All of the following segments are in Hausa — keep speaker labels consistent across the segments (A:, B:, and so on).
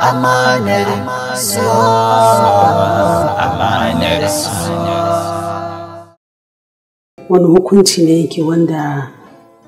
A: amanar
B: wani hukunci ne yake wanda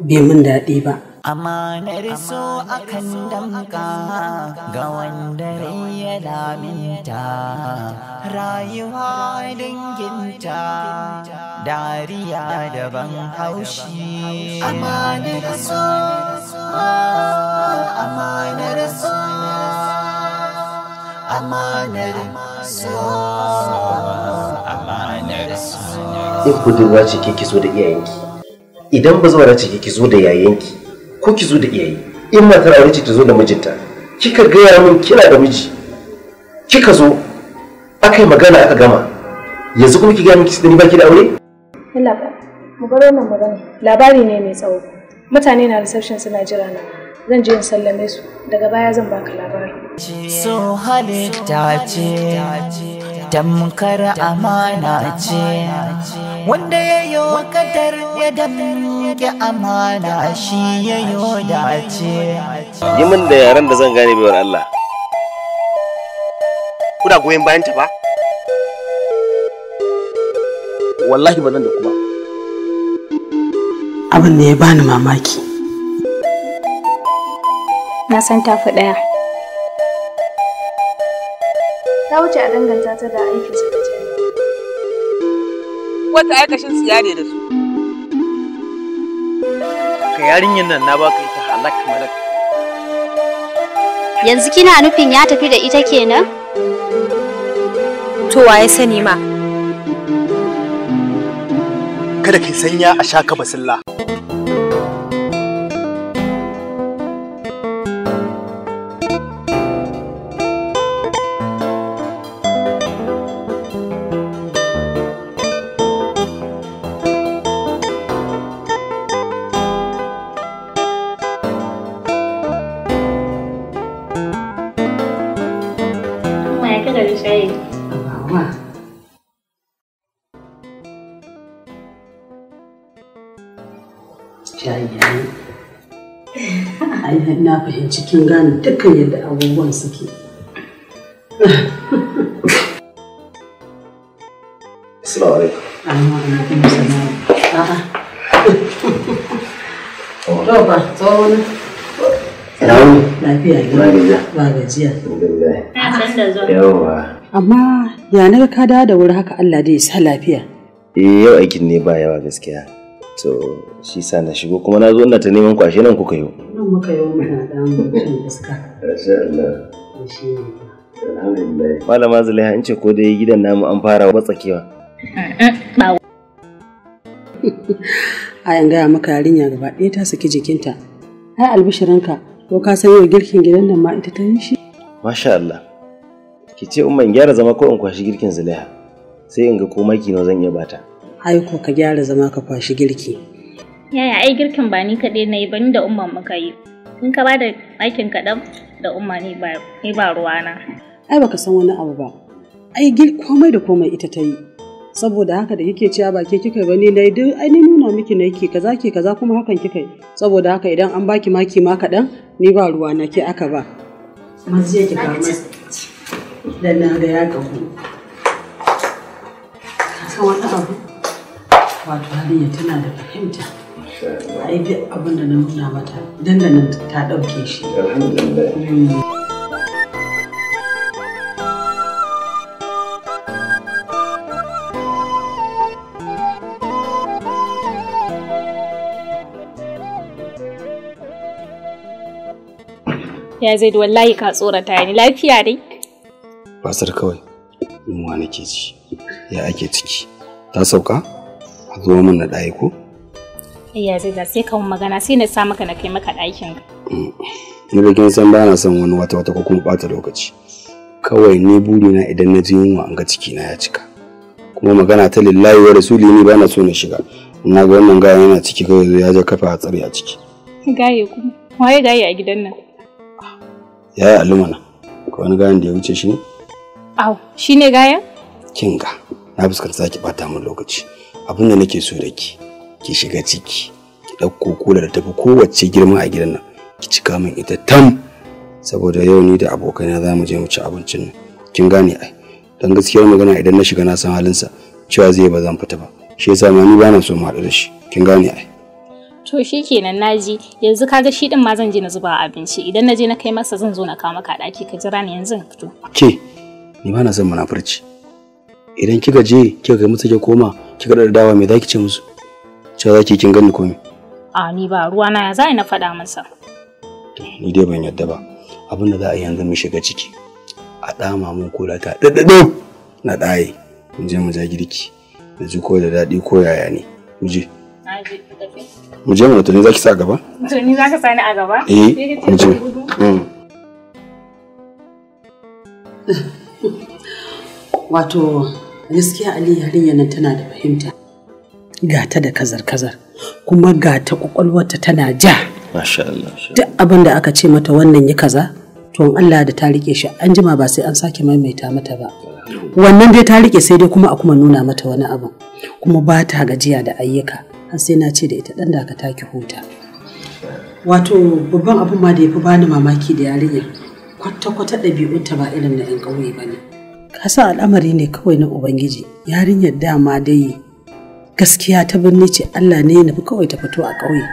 A: bai mun daɗi ba amanar so akan damka ga wanda ya laminta rayuwa danginta dariya daban haushi amanar so amanar so in budurwa
C: ce ke kizo da iyayenki idan bazawara ce ke kizo da yayanki ko kizo da iyaye in matar aure ce ta zo da mijinta kika gaya min kina da miji kika zo aka yi magana aka gama yanzu kuma ki gaya min da ni baki da aure
D: mu bar wannan magana labari ne mai tsawo mutane na reception suna jira na zan je in sallame su daga baya zan baka labari
A: so halitta ce tamkar amana ce wanda ya yi kadar ya damke amana shi ya yi ce. yi min da
C: yaren da zan gane baiwar Allah kuna goyon bayan ta ba wallahi ba nan da kuma
B: abin da ya bani
D: mamaki na san tafi ɗaya. Ta wuce a danganta ta da aikin su da Wata aikashin su yare da su.
C: Ka yarinyar nan na baka ita halak malak.
D: Yanzu kina
B: nufin ya tafi da ita kenan? To waye sani ma.
E: Kada ki sanya a sha ka basilla.
B: na fahimci kin gane dukkan yadda abubuwan
C: suke Assalamu alaikum. alaikum salam. A'a. To ba, tsawon. Salamu. ne. Ba gajiya. Ba gajiya. Alhamdulillah. Na
B: Amma ya naga ka dawo da wuri haka Allah dai ya sa lafiya.
C: Eh yau aikin ne ba yawa gaskiya. to shi sa na shigo kuma na zo ina ta neman kwashe nan kuka yi
B: nan muka yi iska
C: malama zulaiha in ce ko dai gidan namu an fara watsakewa
B: a yan gaya maka yarinya gaba ɗaya ta saki jikinta ai albishirinka ko ka san yau girkin gidan nan ma ita ta yi shi
C: masha Allah ki ce umman gyara zama ko in kwashi girkin zulaiha sai in ga ko maki zan iya bata aiko ka gyara zama ka kwashi girki.
D: Yaya ai girkin ba ni kaɗai na yi ba ni da umma muka yi. In ka ba da ɗakin kaɗan da umma ni ba ruwana.
B: Ai baka san wani abu ba. Ai komai da komai ita ta yi. Saboda haka da kike cewa ba ke kika ba na dai duk ai ni nuna miki na yake kaza ke kaza kuma hakan kika yi. Saboda haka idan an baki maki ma kaɗan ni ba ruwana ke aka ba. Maziya ki ga Dan na ga ya gabu. Ka san wani abu? wato hadiya tana da fahimta ai duk abin da na nuna mata
A: dandanan ta ɗauke shi
D: ya zai da wallahi ka tsorata ni lafiya dai
E: Fasar kawai yunwa ke ci ya ake ciki ta sauka ka zo min na ɗaya ko?
D: Iya zai da sai kawo magana sai na sa maka na kai maka ɗakin. Mm.
E: Ni da kin san bana son wani wata wata ko kuma ɓata lokaci. Kawai ni burina idan na ji yunwa an ga cikina ya cika. Kuma magana ta lillahi wa rasuli ni bana so na shiga. Na ga wannan gaya yana ciki kawai ya ja kafa a tsare a ciki.
D: Gaye kuma waye gaye a gidan nan?
E: Yaya alumana. Ka wani gayan da ya wuce shi ne?
D: Aw, shi ne gayan?
E: Kinga, na fuskanta zaki bata min lokaci. abin da nake so da ki ki shiga ciki ki ɗauko kula da tafi kowace girma a gidan nan ki cika min ita tam saboda yau ni da abokaina za mu je mu ci abincin nan kin gane ai dan gaskiyar magana idan na shiga na san halinsa cewa zai ba zan fita ba shi yasa ma ni ba na so mu haɗu da shi kin gane ai
D: to shi kenan naji yanzu kaga shi din ma zan je na zuba abinci idan na je na kai masa zan zo na kawo maka ɗaki ka jira ni yanzu fito
E: ke ni ba na son munafurci idan kika je kika kai musu kika koma kika da dawa me zaki ce musu cewa zaki kin gani komai
D: a ni ba ruwa na ya zai na faɗa masa
E: ni dai ban yadda ba abin da za a yanzu mu shiga ciki a dama mun kula ta daddado na ɗaye mu je mu ja girki mu ji ko da daɗi ko yaya ne mu je mu je mu tuni zaki sa gaba
D: tuni zaka sa ni a gaba eh mu je
E: mm.
B: wato gaskiya ali yarinya nan tana da fahimta gata da kazar-kazar kuma gata kwakwalwarta tana ja duk abin da aka ce mata wannan ya kaza to Allah da ta rike shi an jima ba sai an sake maimaita mata ba wannan dai ta rike sai dai kuma a kuma nuna mata wani abu kuma ba ta gajiya da ayyuka har sai na ce da ita dan da aka taki huta wato babban abin ma da ya fi bani mamaki da yarinya kwata-kwata ɗabi'unta ba irin na 'yan ƙauye ba ne kasa al'amari ne kawai na ubangiji yarinyar dama dai gaskiya ta birni ce allah ne nufi kawai ta fito a ƙauye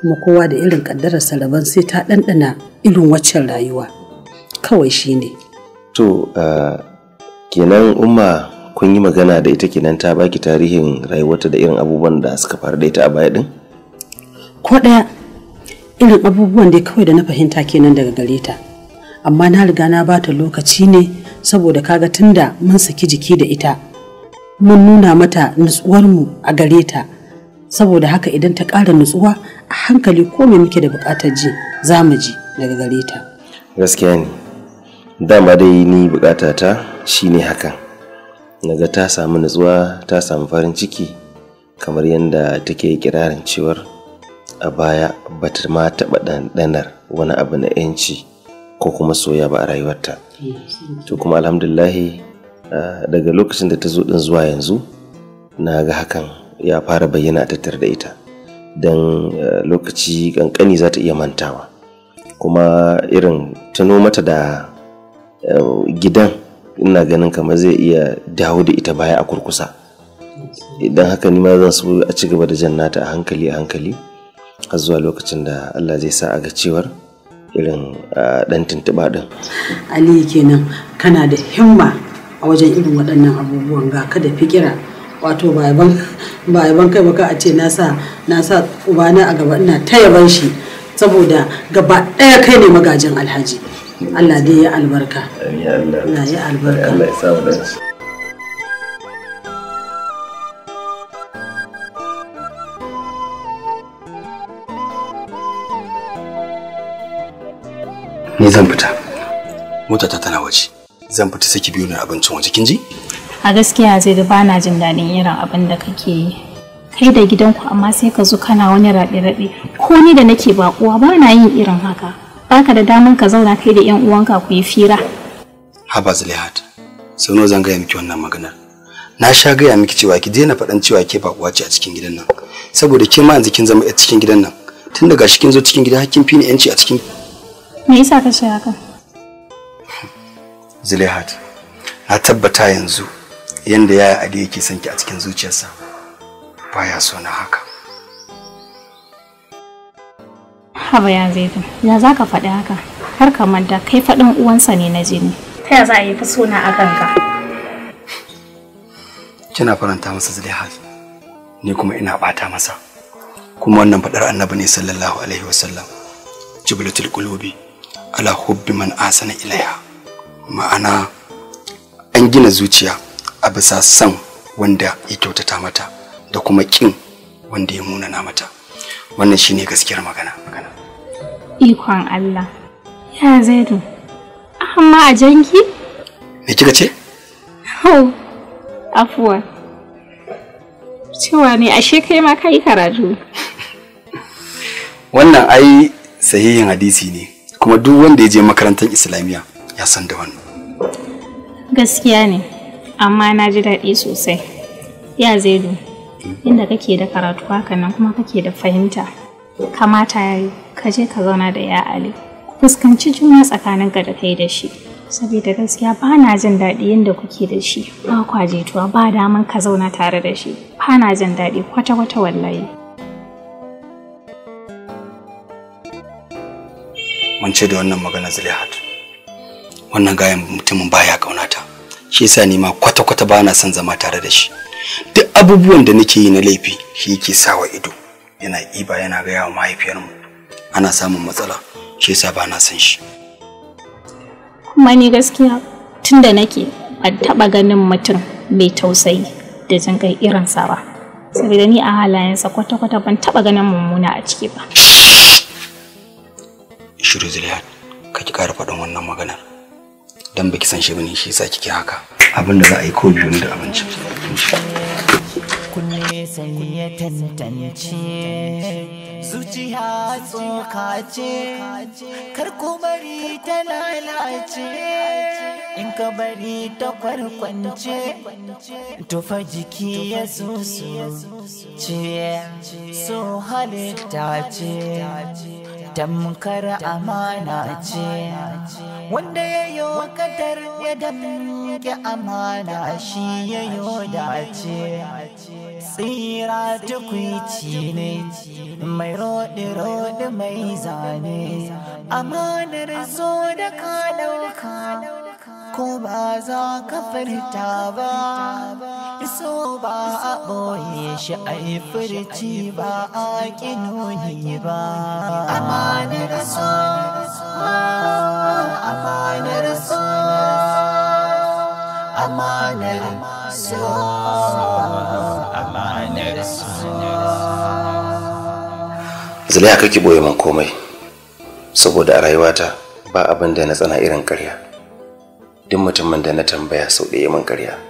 B: kuma kowa da irin ƙaddarar salaban sai ta ɗanɗana irin waccan rayuwa kawai shi ne
C: to kenan umma kun yi magana da ita kenan ta baki tarihin rayuwarta da irin abubuwan da suka faru da ita a baya din
B: ko ɗaya irin abubuwan da kawai da na fahimta kenan daga gare ta amma na riga na bata lokaci ne saboda kaga tunda mun saki jiki da ita mun nuna mata nutsuwar mu a gare ta saboda haka idan ta ƙara nutsuwa a hankali ko me muke da buƙatar ji za mu ji daga gare ta
C: gaskiya ne dama dai ni buƙata ta shine hakan naga ta samu nutsuwa ta samu farin ciki kamar yadda take kirarin cewar a baya bata ma taɓa ɗanɗanar wani abu na 'yanci ko kuma soya ba a rayuwarta eh, to kuma alhamdulahi ah, daga lokacin da ta zo din zuwa yanzu na ga hakan ya fara bayyana a da ita don ah, lokaci kankani za ta iya mantawa kuma irin tuno mata da ah, gidan ina ganin kamar zai iya dawo da ita baya a kurkusa idan haka ni ma zan so a ci gaba da jannata a hankali a hankali har zuwa lokacin da Allah zai sa a ga cewar irin dan eh, tuntuɓa ɗin.
B: Ali kenan kana da himma a wajen irin waɗannan abubuwan ga ka da fikira wato ba yaban kai ba ka a ce na sa ubana a gaba ina ta yaban shi saboda gaba ɗaya kai ne magajin alhaji Allah dai ya albarka. Allah ya albarka. Allah ya sa
E: motata tana waje zan fita saki biyu na abincin waje kin ji
D: a gaskiya zai da bana jin daɗin irin abin da kake yi kai da gidanku amma sai ka zo kana wani raɗe-raɗe ko ni da nake bakuwa ba na yin irin haka baka da daman ka zauna kai da 'yan uwanka ku yi fira
E: haba zulihat sau nawa zan gaya miki wannan maganar na sha gaya miki cewa ki daina faɗan cewa ke baƙuwa ce a cikin gidan nan saboda ke ma yanzu kin zama a cikin gidan nan tun daga shi kin zo cikin gida hakkin fi ni yanci a cikin
D: me yasa ka ce haka
E: Zulehat, na tabbata yanzu yadda yaya Ali yake sanki a cikin zuciyarsa baya so na haka.
D: Haba ya zaidu, ya za ka faɗi haka? Har kamar da kai faɗin uwansa ne na jini. Ta ya za a yi fi suna a kanka?
E: Kina faranta masa Zulehat, ni kuma ina ɓata masa. Kuma wannan faɗar annabi ne sallallahu alaihi wasallam. Jibilatul qulubi ala hubbi man asana ilaiha. ma'ana an gina zuciya a bisa san wanda ya kyautata mata da kuma kin wanda ya munana mata wannan shine gaskiyar magana magana
D: ikon Allah ya zaidu amma a janki me kika ce hau afuwa cewa ne ashe kai ma kai karatu
E: wannan ai sahihin hadisi ne kuma duk wanda ya je makarantar islamiyya ya san da wannan
D: Gaskiya ne, amma na ji daɗi sosai. Ya Zaidu, inda kake da karatu haka nan kuma kake da fahimta. Kamata ya yi, ka je ka zauna da ya Ali. Fuskanci juna tsakanin ka da kai da shi. Saboda gaskiya ba na jin daɗi yadda kuke da shi, ba kwa ba daman ka zauna tare da shi. Ba na jin daɗi kwata-kwata wallahi.
E: mun ce da wannan magana Zulihat. wannan gayan mutumin baya kaunata shi yasa ni ma kwata-kwata ba na son zama tare da shi duk abubuwan da nake yi na laifi shi yake sawa ido yana iba yana gaya wa mahaifiyarmu ana samun matsala shi yasa ba na son shi
D: kuma ni gaskiya tunda nake ban taba ganin mutum mai tausayi da jin kai sa ba saboda ni a halayensa kwata-kwata ban taba ganin mummuna a ciki ba
E: shiru ziliyar kaki ki kara faɗin wannan maganar dan baki san shi bane shi yasa kike haka abin da za a yi ko biyu da abinci
A: kunne sai ya tantance zuciya tsoka ce kar ku bari ta lalace in ka bari ta kwarkwance tufa jiki ya zuzu ce so halitta ce tamkar amana ce wanda ya yi wa kadar ya damke amana shi ya yi dace tsira tukwici ne mai rodi rodi mai zane amanar zo da ka ɗauka ko ba za ka furta ba so ba a ɓoye shi a yi furci ba a ƙinoni ba amanar so amanar so amanar so amanar
C: so kake ɓoye man komai saboda a rayuwata ba abin da na tsana irin ƙarya duk mutumin da na tambaya sau ɗaya man ƙarya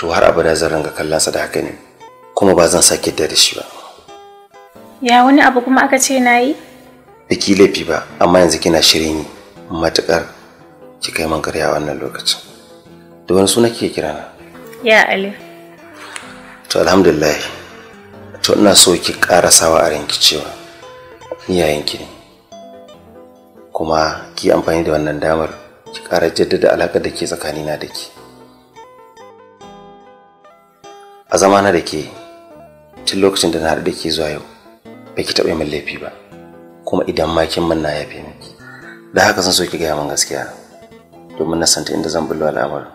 C: to har abada zan ranga sa da haka ne kuma ba zan sake da shi ba
D: ya wani abu kuma aka ce na yi
C: biki laifi ba amma yanzu kina shirin yi matukar ki kai man karya wannan lokacin da wani suna kike kira na ya ali to alhamdulillah to ina so ki karasawa a ranki cewa ni yayanki ne kuma ki amfani da wannan damar ki kara jaddada alaƙar da ke tsakanina da ke a na da ke tun lokacin da na haɗu da ke zuwa yau bai ki taɓa yi min laifi ba kuma idan ma kin min na yafe miki da haka zan so ki gaya min gaskiya domin na santa inda zan bullo alamar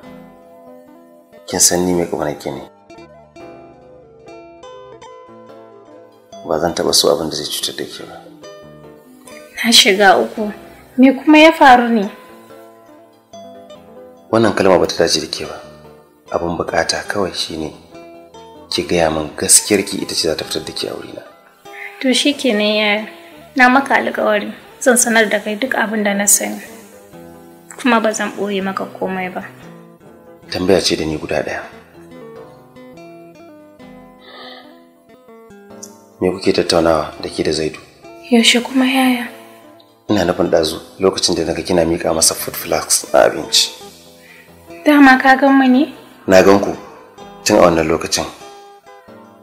C: kin san ni mai ke ne ba zan taɓa so abin da zai cutar da ke ba
D: na shiga uku me kuma ya faru ne
C: wannan kalma ba ta dace da ke ba abin bukata kawai shine ki gaya min gaskiyar ki ita ce za ta fitar da ke aure na.
D: to ne ya eh, na maka alƙawari zan sanar da kai duk abin da na sani kuma ba zan ɓoye maka komai ba
C: tambaya ce da ni guda ɗaya me kuke tattaunawa da ke da zaidu
D: yaushe kuma yaya
C: ina nufin ɗazu lokacin da naga kina miƙa masa food flask na abinci
D: dama ka gan mu ne
C: na gan ku tun a wannan lokacin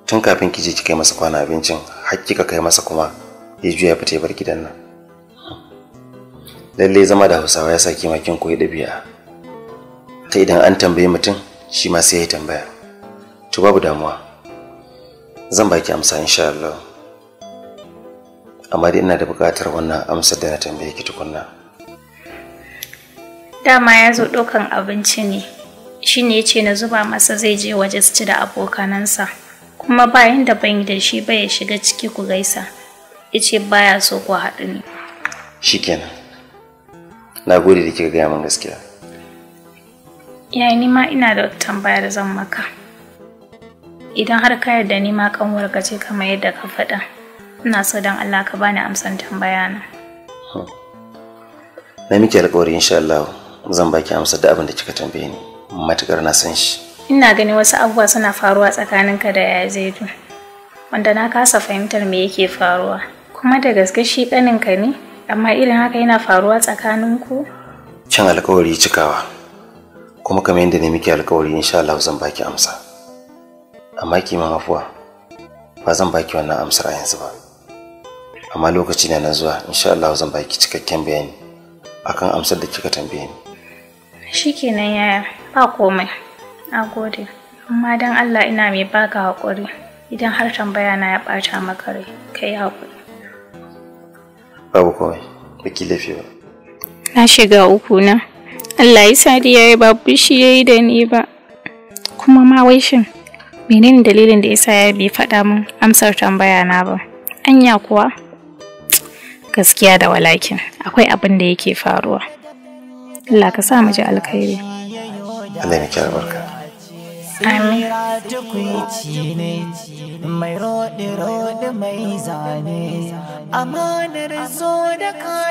C: tun kafin ki je ki kai masa kwana abincin har kai masa kuma ya juya fita bar gidan nan lalle zama da hausawa ya sa makin koyi ɗabi'a ta idan an tambaye mutum shi ma sai ya tambaya to babu damuwa zan baki amsa insha Allah amma dai ina da buƙatar wannan amsar da na tambaye ki tukunna
D: dama ya zo ɗaukan abinci ne shine ya ce na zuba masa zai je waje su ci da abokanansa kuma bayan da ban yi da shi ba ya shiga ciki ku gaisa ice baya so ku haɗu ne
C: shikenan na gode da kika gaya min gaskiya
D: ya ni ma ina da tambaya da zan maka idan har ka yarda ni ma kanwar ka ce kamar yadda ka faɗa ina so dan Allah ka bani amsan tambaya na
C: hmm. na miki alƙawari insha Allah zan baki amsar da abin da kika tambaye ni matukar na san shi
D: ina ganin wasu abubuwa suna faruwa tsakaninka da yaya zaidu wanda na kasa fahimtar me yake faruwa kuma da gaske shi ɗaninka ne amma irin haka yana faruwa tsakaninku
C: cin alkawari cikawa kuma kamar yadda ne muke alkawari insha Allah zan baki amsa amma ma afuwa ba zan baki wannan amsar a yanzu ba amma lokaci na nan zuwa insha Allah zan baki cikakken bayani akan amsar da kika tambaye
D: ni shikenan yaya ba komai Na gode, amma don Allah ina mai baka haƙuri idan har tambaya na ya ɓata maka rai, ka yi haƙuri.
C: Babu kawai, baki laifi ba.
D: Na shiga uku na. Allah ya sadiya ya babu shi ya yi da ni ba. Kuma ma wai shin, menene dalilin da yasa ya bi faɗa min amsar tambaya na ba? Anya kuwa? Gaskiya da walakin, akwai abin da yake faruwa. Allah ka sa
A: mu ji alkhairi.
C: Allah ya barka.
A: Amira tukwici ne, mai mai zane, amanar zo da ka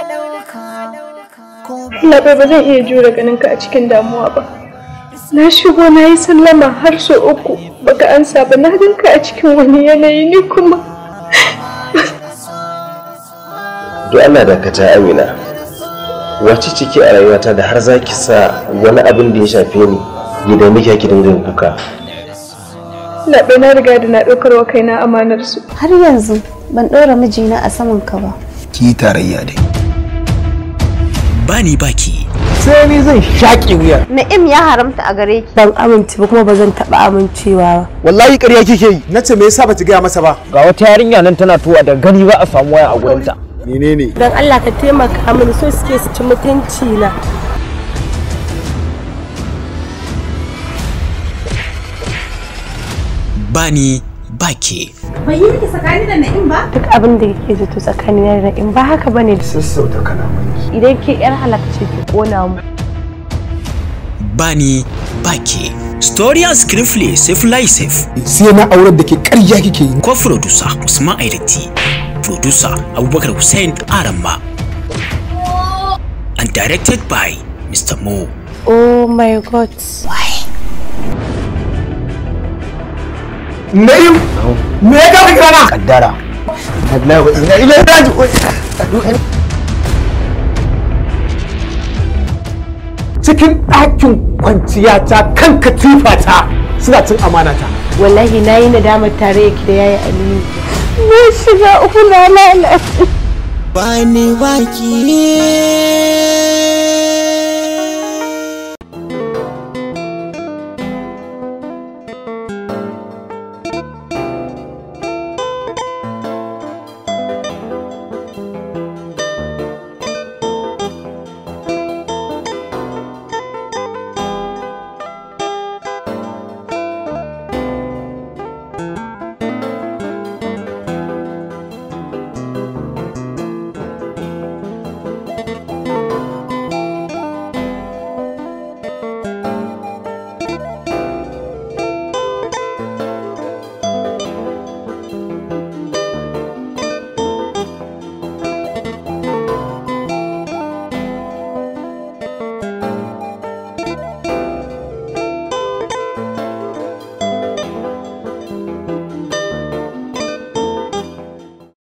A: ba zan iya jure
D: ganinka a cikin damuwa ba. Na shigo na yi sallama har sau uku baka
B: ansa ba na ganka a cikin wani yanayi ni kuma.
C: Duk Allah dakata Amina. Wace ciki a rayuwata da har za ki sa wani abin da ya shafe ni gida muke ki dinga yin
B: Na na riga da na ɗaukar wa kaina amanar su. Har yanzu ban ɗora mijina a saman ka ba.
E: Ki tarayya dai. Bani baki. Sai ni zan shaƙe wuya.
B: Na'im ya haramta a gare ki. Ban amince ba kuma ba zan taɓa amincewa ba. Wallahi ƙarya kike yi. Na ce me yasa bata gaya masa ba? Ga wata yarinya nan tana tuwa da gani ba a samu waya a gurinta. Menene? Dan Allah ka taimaka mini so suke su ci mutunci na. bani ni ba ke.
D: Bai yi miki tsakani da na'im ba? Duk abin da kike zato tsakani
B: da na'im ba haka bane. Sassauta kalamanki. Idan ke yar halaka ce ki kona mu.
C: Ba ni ba ke. Storia Scriptly Safe Life Safe. Sai na aurar da ke ƙarya kike yi. Ko producer Usman Aidati. Producer Abubakar Hussein Aramba. And directed by Mr. Mo.
D: Oh my god. Why?
E: Na'im? Me ya gaba kira na? Kaddara. Wallahi wa inna ilaihi
B: Cikin ɗakin kwanciya ta kan katifa ta suna cin amana ta. Wallahi na yi nadamar tare yake da yayi Aliyu. Na shiga uku na lalace.
A: Bani baki.